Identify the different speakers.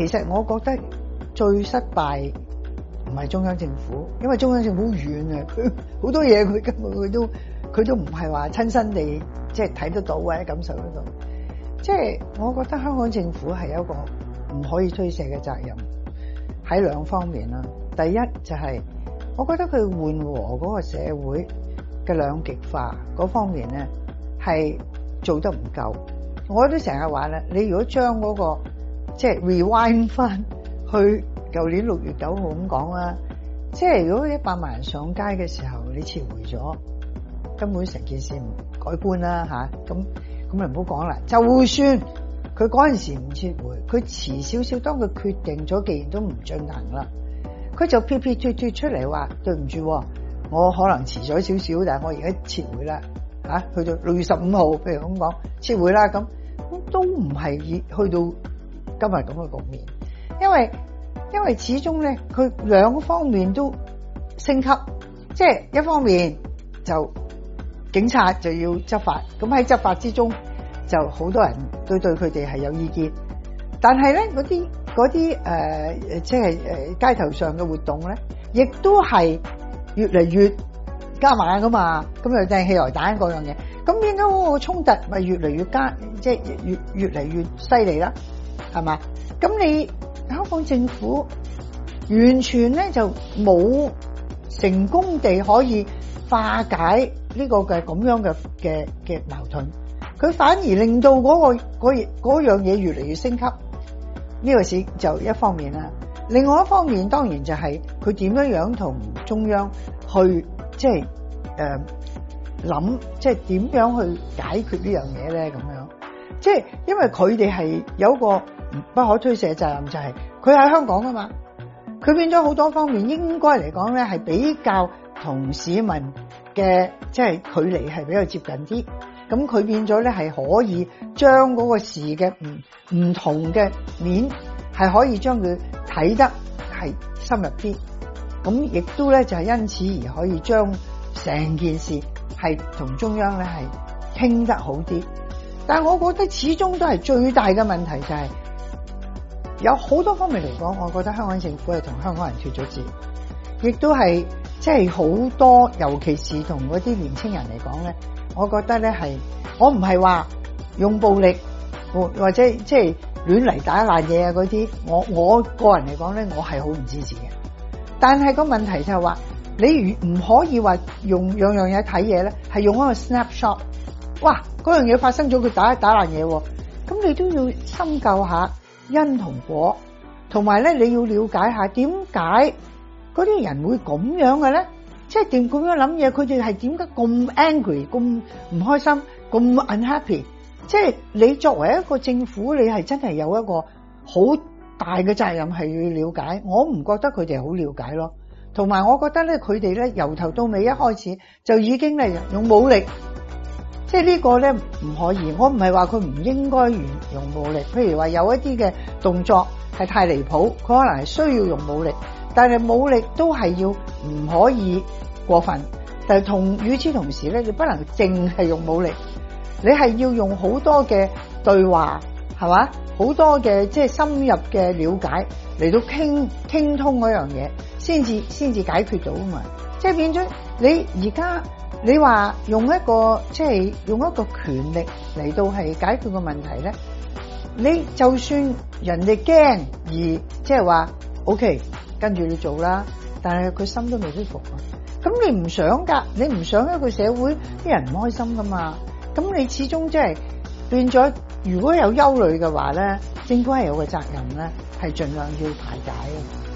Speaker 1: 其實我覺得最失敗唔係中央政府，因為中央政府遠啊，佢好多嘢佢根本佢都佢都唔係話親身地即係睇得到或者感受得到。即係我覺得香港政府係有一個唔可以推卸嘅責任，喺兩方面啦。第一就係我覺得佢緩和嗰個社會嘅兩極化嗰方面咧係做得唔夠。我都成日話咧，你如果將嗰個即係 rewind 翻去舊年六月九號咁講啦，即係如果一百萬人上街嘅時候你撤回咗，根本成件事唔改觀啦吓，咁咁你唔好講啦。就算佢嗰陣時唔撤回，佢遲少少當佢決定咗，既然都唔進行啦，佢就撇撇脫脫出嚟話對唔住，我可能遲咗少少，但係我而家撤回啦吓、啊，去到六月十五號，譬如咁講撤回啦，咁咁都唔係以去到。今日咁嘅局面，因為因為始終咧，佢兩個方面都升級，即係一方面就警察就要執法，咁喺執法之中就好多人都對佢哋係有意見，但係咧嗰啲啲誒即係誒街頭上嘅活動咧，亦都係越嚟越加埋噶嘛，咁樣掟汽油彈嗰樣嘢，咁變咗衝突咪越嚟越加，即係越越嚟越犀利啦。係嘛？咁你香港政府完全咧就冇成功地可以化解呢個嘅咁樣嘅嘅嘅矛盾，佢反而令到嗰個嗰嗰樣嘢越嚟越升級。呢個事就一方面啦，另外一方面當然就係佢點樣樣同中央去即係誒諗，即係點樣去解決呢樣嘢咧？咁樣即係因為佢哋係有一個。不可推卸嘅責任就係佢喺香港噶嘛，佢變咗好多方面，應該嚟講咧係比較同市民嘅即係距離係比較接近啲，咁佢變咗咧係可以將嗰個事嘅唔唔同嘅面係可以將佢睇得係深入啲，咁亦都咧就係因此而可以將成件事係同中央咧係傾得好啲，但係我覺得始終都係最大嘅問題就係、是。有好多方面嚟講，我覺得香港政府係同香港人脱咗節，亦都係即係好多，尤其是同嗰啲年青人嚟講咧，我覺得咧係，我唔係話用暴力或者即係亂嚟打爛嘢啊嗰啲，我我個人嚟講咧，我係好唔支持嘅。但係個問題就係話，你唔可以話用樣樣嘢睇嘢咧，係用一個 snapshot，哇，嗰樣嘢發生咗，佢打打爛嘢，咁你都要深究下。因同果，同埋咧，你要了解下點解嗰啲人會咁樣嘅咧？即係點咁樣諗嘢，佢哋係點解咁 angry、咁唔開心、咁 unhappy？即係你作為一個政府，你係真係有一個好大嘅責任係要了解。我唔覺得佢哋好了解咯，同埋我覺得咧，佢哋咧由頭到尾一開始就已經咧用武力。即係呢個咧唔可以，我唔係話佢唔應該用用武力。譬如話有一啲嘅動作係太離譜，佢可能係需要用武力，但係武力都係要唔可以過分。但係同與此同時咧，你不能淨係用武力，你係要用好多嘅對話，係嘛？好多嘅即係深入嘅了解嚟到傾傾通嗰樣嘢，先至先至解決到啊嘛。即係變咗你而家。你話用一個即係用一個權力嚟到係解決個問題咧，你就算人哋驚而即係話 OK，跟住你做啦，但係佢心都未必服啊！咁你唔想噶，你唔想一個社會啲人唔開心噶嘛？咁你始終即係變咗，如果有憂慮嘅話咧，政府係有個責任咧，係盡量要排解。